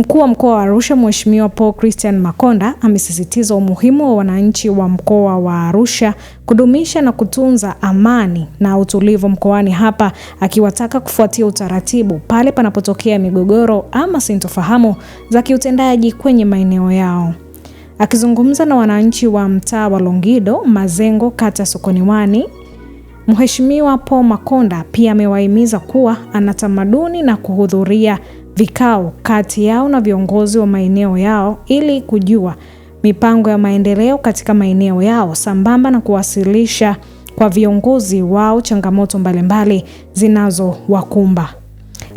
Mkuu wa mkoa wa Arusha Mheshimiwa Paul Christian Makonda amesisitiza umuhimu wa wananchi wa mkoa wa Arusha kudumisha na kutunza amani na utulivu mkoani hapa, akiwataka kufuatia utaratibu pale panapotokea migogoro ama sintofahamu za kiutendaji kwenye maeneo yao. Akizungumza na wananchi wa mtaa wa Longido Mazengo, kata wani Mheshimiwa Paul Makonda pia amewahimiza kuwa ana tamaduni na kuhudhuria vikao kati yao na viongozi wa maeneo yao ili kujua mipango ya maendeleo katika maeneo yao sambamba na kuwasilisha kwa viongozi wao changamoto mbalimbali zinazowakumba.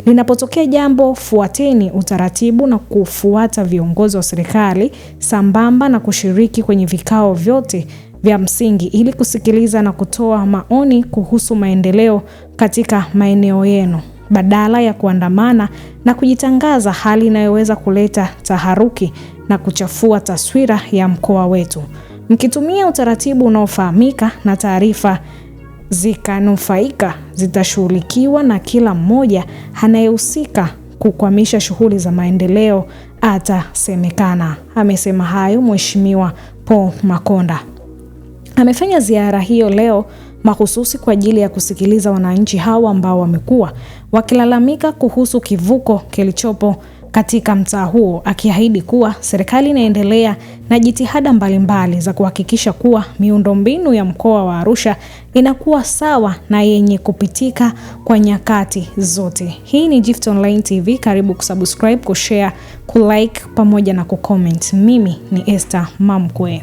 Linapotokea jambo, fuateni utaratibu na kufuata viongozi wa serikali sambamba na kushiriki kwenye vikao vyote vya msingi ili kusikiliza na kutoa maoni kuhusu maendeleo katika maeneo yenu badala ya kuandamana na kujitangaza, hali inayoweza kuleta taharuki na kuchafua taswira ya mkoa wetu. Mkitumia utaratibu unaofahamika na taarifa zikanufaika zitashughulikiwa na kila mmoja anayehusika kukwamisha shughuli za maendeleo atasemekana. Amesema hayo Mheshimiwa Paul Makonda. Amefanya ziara hiyo leo mahususi kwa ajili ya kusikiliza wananchi hawa ambao wamekuwa wakilalamika kuhusu kivuko kilichopo katika mtaa huo, akiahidi kuwa serikali inaendelea na jitihada mbalimbali za kuhakikisha kuwa miundombinu ya mkoa wa Arusha inakuwa sawa na yenye kupitika kwa nyakati zote. Hii ni Gift Online TV, karibu kusubscribe, kushare, kulike pamoja na kucomment. Mimi ni Esther Mamkwe.